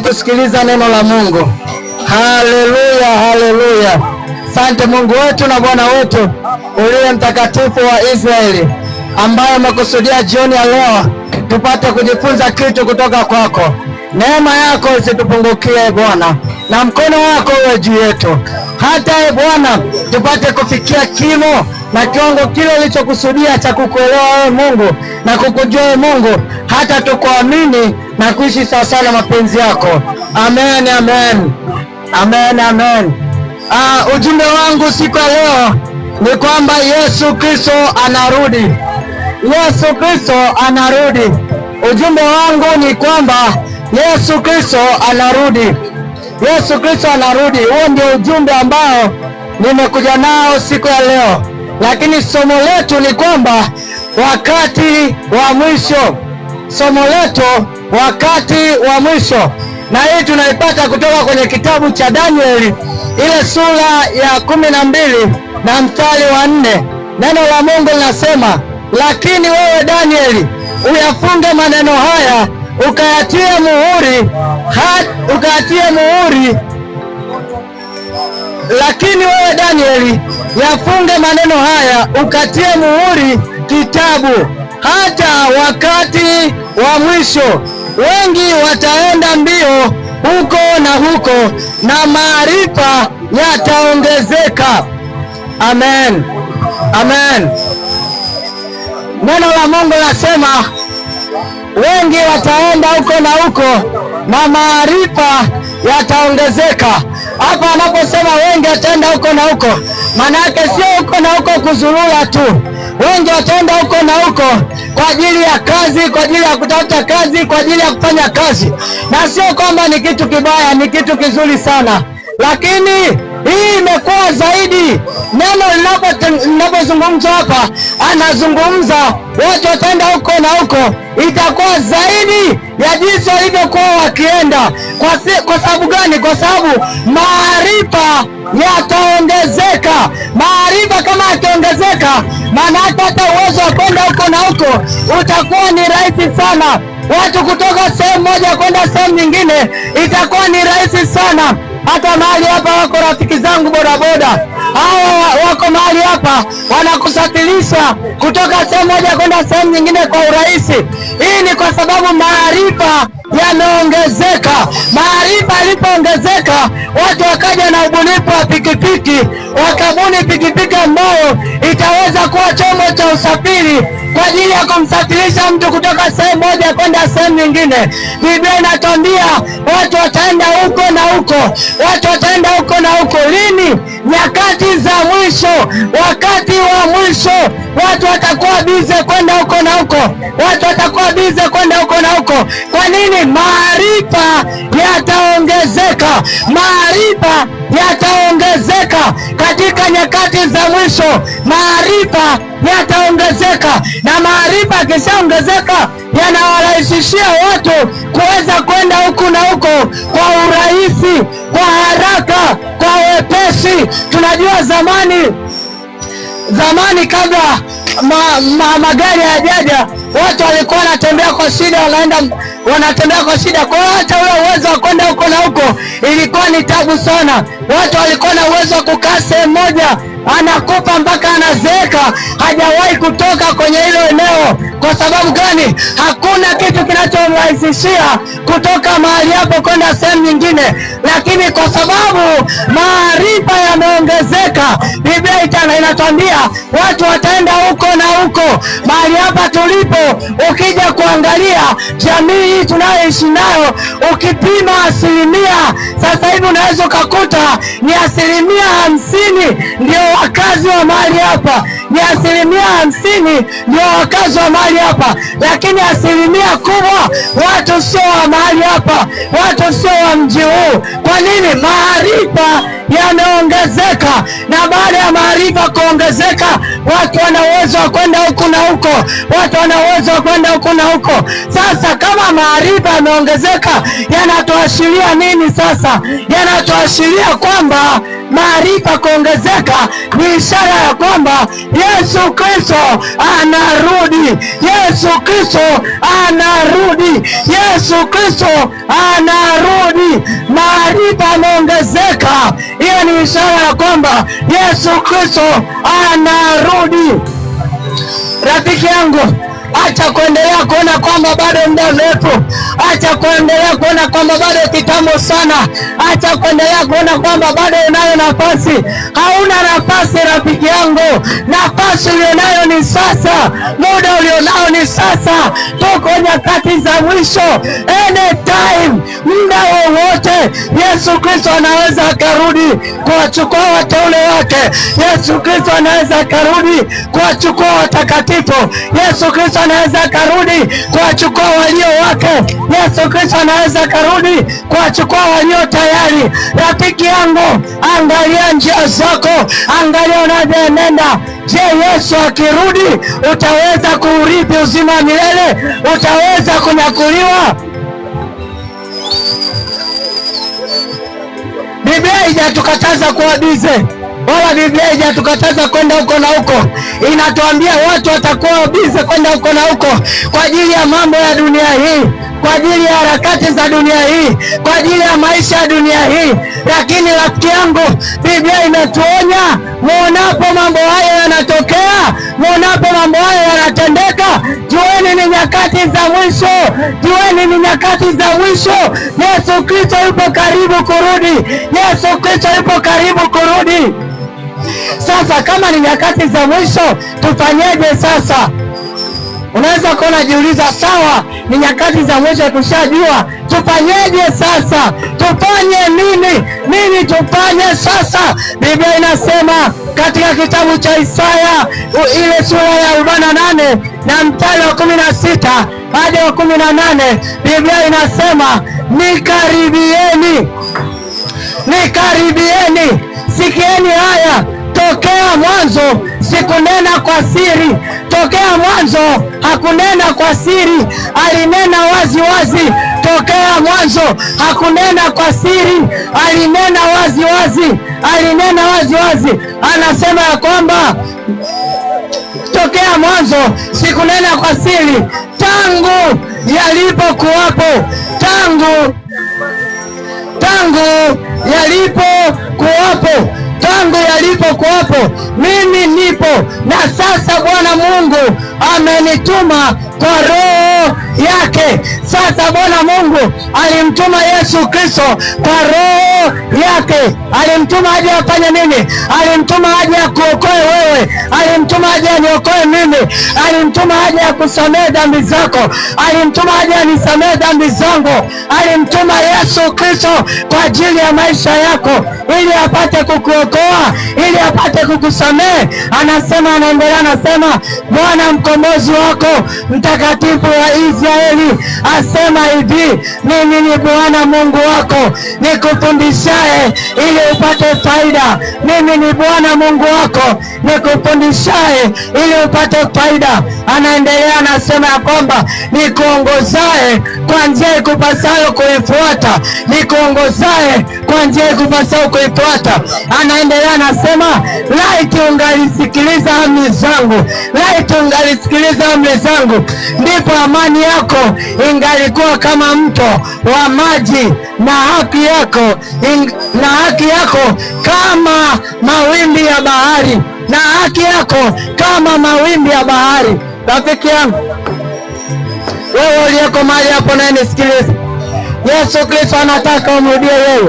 kusikiliza neno la Mungu. Haleluya, haleluya! Sante Mungu wetu na Bwana wetu uliye mtakatifu wa Israeli, ambaye umekusudia jioni ya leo tupate kujifunza kitu kutoka kwako. Neema yako isitupungukie Bwana, na mkono wako uwe juu yetu hata ye Bwana, tupate kufikia kimo na kiwango kile ulichokusudia cha kukuelewa wewe Mungu na kukujua wewe Mungu, hata tukuamini na kuishi sawasawa na mapenzi yako. Amen, amen, amen, amen. Uh, ujumbe wangu siku ya leo ni kwamba Yesu Kristo anarudi. Yesu Kristo anarudi. Ujumbe wangu ni kwamba Yesu Kristo anarudi. Yesu Kristo anarudi. Huo ndio ujumbe ambao nimekuja nao siku ya leo, lakini somo letu ni kwamba wakati wa mwisho. Somo letu wakati wa mwisho, na hii tunaipata kutoka kwenye kitabu cha Danieli ile sura ya kumi na mbili na mstari wa nne. Neno la Mungu linasema, lakini wewe Danieli uyafunge maneno haya ukayatia muhuri ukaatie muhuri, lakini wewe Danieli yafunge maneno haya, ukatie muhuri kitabu hata wakati wa mwisho. Wengi wataenda mbio huko na huko, na maarifa yataongezeka. Amen, amen. Neno la Mungu lasema wengi wataenda huko na huko na maarifa yataongezeka. Hapa anaposema wengi wataenda huko na huko, maana yake sio huko na huko kuzurura tu. Wengi wataenda huko na huko kwa ajili ya kazi, kwa ajili ya kutafuta kazi, kwa ajili ya kufanya kazi, na sio kwamba ni kitu kibaya, ni kitu kizuri sana, lakini hii imekuwa zaidi neno linapozungumzwa hapa, anazungumza watu wataenda huko na huko, itakuwa zaidi ya jinsi walivyokuwa wakienda. Kwa sababu gani? Kwa sababu maarifa yataongezeka. Maarifa kama yataongezeka, maana hata uwezo wa kwenda huko na huko utakuwa ni rahisi sana. Watu kutoka sehemu moja kwenda sehemu nyingine itakuwa ni rahisi sana. Hata mahali hapa wako rafiki zangu bodaboda hawa wako mahali hapa, wanakusafirisha kutoka sehemu moja kwenda sehemu nyingine kwa urahisi. Hii ni kwa sababu maarifa yameongezeka. Maarifa yalipoongezeka, watu wakaja na ubunifu wa pikipiki, wakabuni pikipiki ambayo itaweza kuwa chombo cha usafiri kwa ajili ya kumsafirisha mtu kutoka sehemu moja kwenda nyingine. Biblia inatuambia watu wataenda huko na huko, watu wataenda huko na huko. Lini? Nyakati za mwisho, wakati wa mwisho. Watu watakuwa bize kwenda huko na huko, watu watakuwa bize kwenda huko na huko. Kwa nini? Maarifa yataongezeka, maarifa yataongezeka katika nyakati za mwisho, maarifa yataongezeka, na maarifa yakishaongezeka yana kuwarahisishia watu kuweza kwenda huku na huko kwa urahisi, kwa haraka, kwa wepesi. Tunajua zamani zamani, kabla ma, ma, magari hayajaja, watu walikuwa wanatembea kwa shida, wanaenda unatembea kwa shida. Kwa hiyo hata ule uwezo wa kwenda huko na huko ilikuwa ni tabu sana. Watu walikuwa na uwezo wa kukaa sehemu moja, anakufa mpaka anazeeka, hajawahi kutoka kwenye hilo eneo. Kwa sababu gani? Hakuna kitu kinachomrahisishia kutoka mahali hapo kwenda sehemu nyingine, lakini kwa sababu maarifa yameongezeka, Biblia itana inatuambia watu wataenda huko na huko. Mahali hapa tulipo, ukija kuangalia jamii hii tunayoishi nayo, ukipima asilimia sasa hivi unaweza ukakuta ni asilimia hamsini ndio wakazi wa mahali hapa, ni asilimia hamsini ndio wakazi wa mahali hapa, lakini asilimia kubwa watu sio wa mahali hapa, watu sio wa mji huu. Kwa nini? Maarifa yameongezeka na baada ya maarifa kuongezeka, watu wana uwezo wa kwenda huku na huko, watu wana uwezo wa kwenda huku na huko. Sasa kama maarifa yameongezeka, yanatuashiria nini? Sasa yanatuashiria kwamba maarifa kuongezeka ni ishara ya kwamba Yesu Kristo anarudi. Yesu Kristo anarudi. Yesu Kristo anarudi. Maarifa yameongezeka hiyo ni ishara ya kwamba Yesu Kristo anarudi. Rafiki yangu, acha kuendelea kuona kwamba bado muda mrefu Acha kuendelea kuona kwamba bado kitambo sana. Acha kuendelea kuona kwamba bado unayo nafasi. Hauna nafasi, rafiki yangu. Nafasi ulionayo ni sasa, muda ulionao ni sasa. Tuko nyakati za mwisho, anytime, muda wowote Yesu Kristo anaweza akarudi kuwachukua wateule wake. Yesu Kristo anaweza akarudi kuwachukua watakatifu. Yesu Kristo anaweza akarudi kuwachukua walio wake. Yesu Kristo anaweza karudi kuwachukua walio tayari. Rafiki yangu, angalia njia zako, angalia unavyoenenda. Je, Yesu akirudi utaweza kuurithi uzima wa milele? Utaweza kunyakuliwa? Biblia haijatukataza kuwa bize wala Biblia haijatukataza kwenda huko na huko, inatuambia watu watakuwa bize kwenda huko na huko kwa ajili ya mambo ya dunia hii, kwa ajili ya harakati za dunia hii, kwa ajili ya maisha ya dunia hii. Lakini rafiki yangu, Biblia inatuonya, muonapo mambo hayo yanatokea, muonapo mambo hayo yanatendeka, jueni ni nyakati za mwisho, jueni ni nyakati za mwisho. Yesu Kristo yupo karibu kurudi, Yesu Kristo yupo karibu kurudi. Sasa kama ni nyakati za mwisho, tufanyeje sasa? Unaweza kuwa unajiuliza, sawa, ni nyakati za mwisho, tushajua, tufanyeje sasa? Tufanye nini? Nini tufanye sasa? Biblia inasema katika kitabu cha Isaya ile sura ya 48 na na mstari wa kumi na sita hadi wa kumi na nane Biblia inasema nikaribieni, nikaribieni, sikieni haya Tokea mwanzo sikunena kwa siri, tokea mwanzo hakunena kwa siri, alinena wazi wazi. Tokea mwanzo hakunena kwa siri, alinena wazi wazi, alinena wazi wazi. Anasema ya kwamba tokea mwanzo sikunena kwa siri, tangu yalipokuwapo, tangu tangu yalipokuwapo tangu yalipokuwapo mimi nipo, na sasa Bwana Mungu amenituma kwa roho yake. Sasa Bwana Mungu alimtuma Yesu Kristo kwa roho yake. Alimtuma aje afanye nini? Alimtuma aje akuokoe wewe, alimtuma aje aniokoe Alimtuma haja ya kusamehe dhambi zako, alimtuma haja ya nisamehe dhambi zangu. Alimtuma Yesu Kristo kwa ajili ya maisha yako, ili apate kukuokoa, ili apate kukusamee Anasema, anaendelea anasema, Bwana mkombozi wako mtakatifu wa Israeli asema hivi, mimi ni Bwana Mungu wako nikufundishaye ili upate faida. Mimi ni Bwana Mungu wako nikufundishaye ili upate faida. Anaendelea anasema ya kwamba nikuongozae kwa njia ikupasayo kuifuata, nikuongozae kwa njia ikupasayo kuifuata. Anaendelea anasema laiti ungalisikiliza amri zangu, laiti ungalisikiliza amri zangu, ndipo amani yako ingalikuwa kama mto wa maji na haki yako ing, na haki yako kama mawimbi ya bahari na haki yako kama mawimbi ya bahari. Rafiki yangu wewe uliyeko mahali hapo, naye nisikilize. Yesu Kristo anataka umrudie yeye.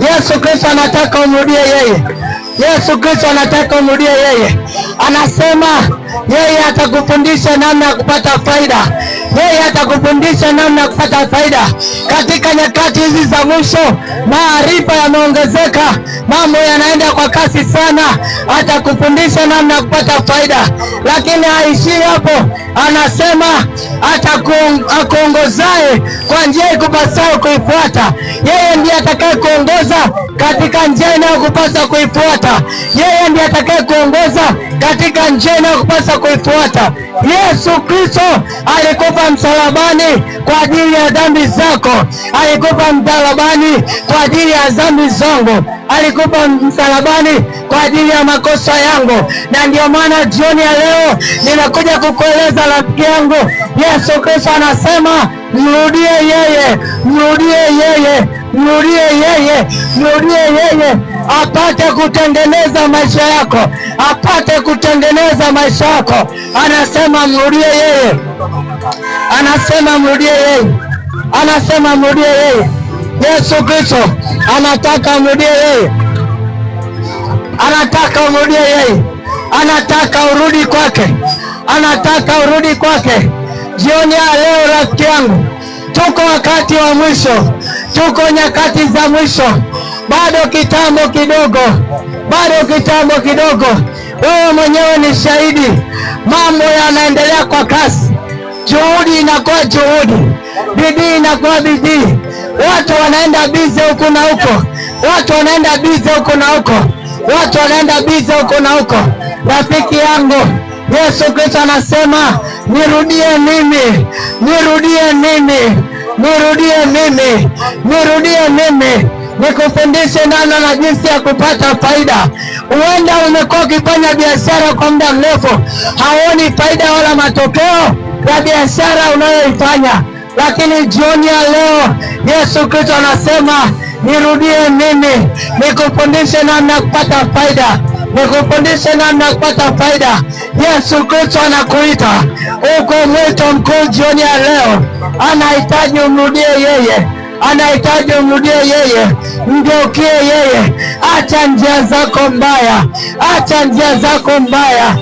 Yesu Kristo anataka umrudie yeye. Yesu Kristo anataka umrudie yeye. Anasema yeye atakufundisha namna ya kupata faida, yeye atakufundisha namna ya kupata faida. Katika nyakati hizi za mwisho, maarifa yameongezeka, mambo yanaenda kwa kasi sana. Atakufundisha namna ya kupata faida, lakini haishii hapo. Anasema atakuongozae kwa njia ikupasayo kuifuata. Yeye ndiye atakayekuongoza katika njia inayokupasa kuifuata. Yeye ndiye atakaye kuongoza katika njia inayokupasa kuifuata. Yesu Kristo alikufa msalabani kwa ajili ya dhambi zako, alikufa msalabani kwa ajili ya dhambi zangu, alikufa msalabani kwa ajili ya makosa yangu. Na ndiyo maana jioni ya leo ninakuja kukueleza rafiki yangu, Yesu Kristo anasema mrudie yeye, mrudie yeye Mrudie yeye, mrudie yeye apate kutengeneza maisha yako, apate kutengeneza maisha yako. Anasema mrudie yeye, anasema mrudie yeye, anasema mrudie yeye. Yesu Kristo anataka mrudie yeye, anataka mrudie yeye, anataka urudi kwake, anataka urudi kwake. Jioni ya leo, rafiki yangu, tuko wakati wa mwisho Tuko nyakati za mwisho, bado kitambo kidogo, bado kitambo kidogo. Wewe mwenyewe ni shahidi, mambo yanaendelea kwa kasi, juhudi inakuwa juhudi, bidii inakuwa bidii, watu wanaenda bize huku na huko, watu wanaenda bize huku na huko, watu wanaenda bize huku na huko. Rafiki yangu Yesu Kristo anasema nirudie mimi, nirudie mimi nirudie mimi, nirudie mimi nikufundishe nana na jinsi ya kupata faida. Huenda umekuwa ukifanya biashara kwa muda mrefu, hauoni faida wala matokeo ya biashara unayoifanya, lakini jioni ya leo Yesu Kristo anasema nirudie mimi, nikufundishe namna ya kupata faida nikufundishe namna ya kupata faida. Yesu Kristo anakuita uko mwito mkuu jioni ya leo, anahitaji umrudie yeye, anahitaji umrudie yeye, mgeukie yeye. Acha njia zako mbaya, acha njia zako mbaya,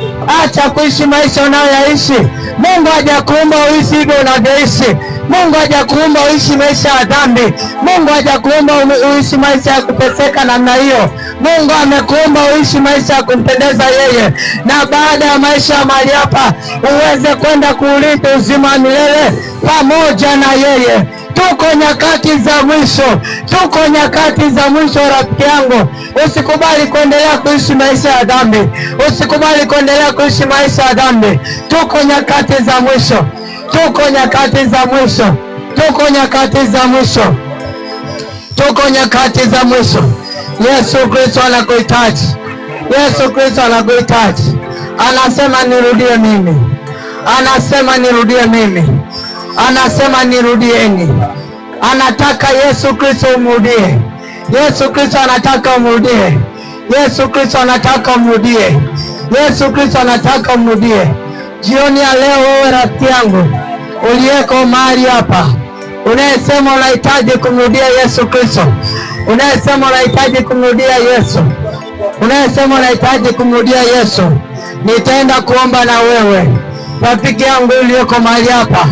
acha kuishi maisha unayoyaishi. Mungu hajakuumba uishi hivyo unavyoishi. Mungu hajakuumba uishi maisha ya dhambi. Mungu hajakuumba uishi maisha ya kuteseka namna hiyo. Mungu amekuumba uishi maisha ya kumpendeza yeye, na baada ya maisha ya mahali hapa uweze kwenda kuulita uzima wa milele pamoja na yeye. Tuko nyakati za mwisho, tuko nyakati za mwisho. Rafiki yangu, usikubali kuendelea kuishi maisha ya dhambi, usikubali kuendelea kuishi maisha ya dhambi. Tuko nyakati za mwisho. Tuko nyakati za mwisho, tuko nyakati za mwisho, tuko nyakati za mwisho. Yesu Kristo anakuhitaji, Yesu Kristo anakuhitaji. Anasema nirudie mimi, anasema nirudie mimi, anasema nirudieni. Anataka Yesu Kristo umrudie. Yesu Kristo anataka umrudie. Yesu Kristo anataka umrudie. Yesu Kristo anataka umrudie. Jioni ya leo, wewe rafiki yangu uliyeko mahali hapa, unayesema unahitaji kumrudia Yesu Kristo, unayesema unahitaji kumrudia Yesu, unayesema unahitaji kumrudia Yesu, nitaenda kuomba na wewe. Rafiki yangu uliyoko mahali hapa,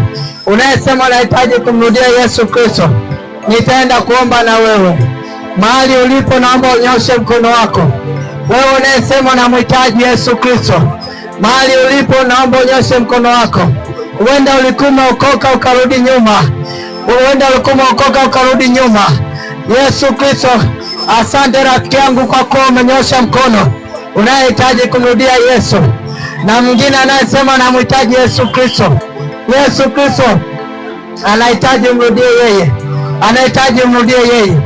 unayesema unahitaji kumrudia Yesu Kristo, nitaenda kuomba na wewe. Mahali ulipo, naomba unyoshe mkono wako. Wewe unayesema unamhitaji Yesu Kristo, mahali ulipo, naomba unyoshe mkono wako. Huenda ulikuwa umeokoka ukarudi nyuma, huenda ulikuwa umeokoka ukarudi nyuma. Yesu Kristo, asante rafiki yangu kwa kuwa umenyosha mkono unayehitaji kumrudia Yesu na mwingine anayesema namhitaji Yesu Kristo. Yesu Kristo anahitaji umrudie yeye, anahitaji umrudie yeye.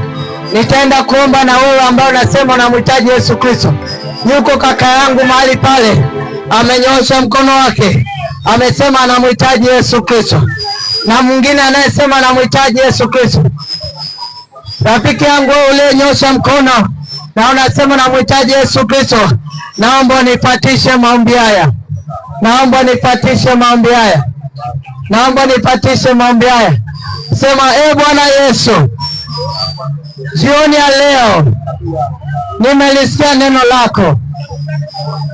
Nitaenda kuomba na wewe ambao unasema unamhitaji Yesu Kristo. Yuko kaka yangu mahali pale, amenyosha mkono wake amesema anamhitaji Yesu Kristo, na mwingine anayesema anamhitaji Yesu Kristo. Rafiki yangu uliyenyosha mkono na unasema namhitaji Yesu Kristo, naomba nifatishe maombi haya, naomba nifatishe maombi haya, naomba nifatishe maombi haya. Sema, e Bwana Yesu, jioni ya leo nimelisikia neno lako,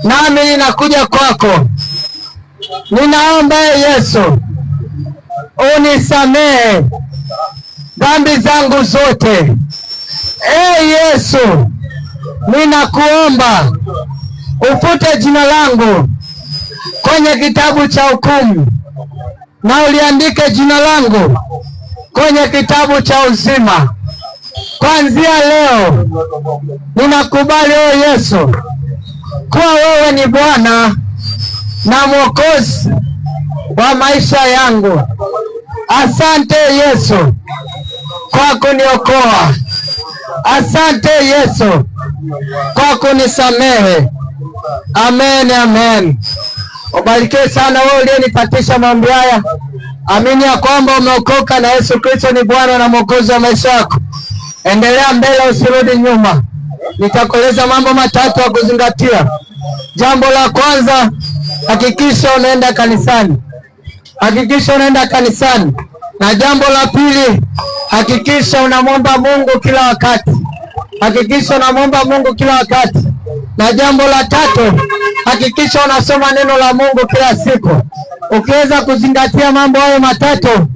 nami ninakuja kwako ninaomba Yesu unisamehe dhambi zangu zote. E Yesu, ninakuomba ufute jina langu kwenye kitabu cha hukumu na uliandike jina langu kwenye kitabu cha uzima. Kuanzia leo ninakubali, o Yesu, kuwa wewe ni Bwana na mwokozi wa maisha yangu. Asante Yesu kwa kuniokoa, asante Yesu kwa kunisamehe. Amen, amen. Ubarikiwe sana wewe uliyenipatisha maombi haya. Amini ya kwamba umeokoka na Yesu Kristo ni Bwana na Mwokozi wa maisha yako. Endelea mbele, usirudi nyuma. Nitakueleza mambo matatu ya kuzingatia. Jambo la kwanza hakikisha unaenda kanisani, hakikisha unaenda kanisani. Na jambo la pili, hakikisha unamwomba Mungu kila wakati, hakikisha unamwomba Mungu kila wakati. Na jambo la tatu, hakikisha unasoma neno la Mungu kila siku. Ukiweza kuzingatia mambo hayo matatu,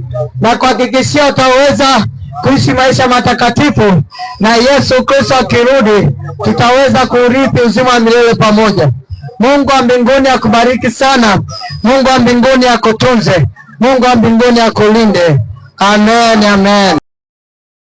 na kuhakikishia utaweza kuishi maisha matakatifu, na Yesu Kristo akirudi tutaweza kurithi uzima wa milele pamoja. Mungu wa mbinguni akubariki sana. Mungu wa mbinguni akutunze. Mungu wa mbinguni akulinde. Amen, amen.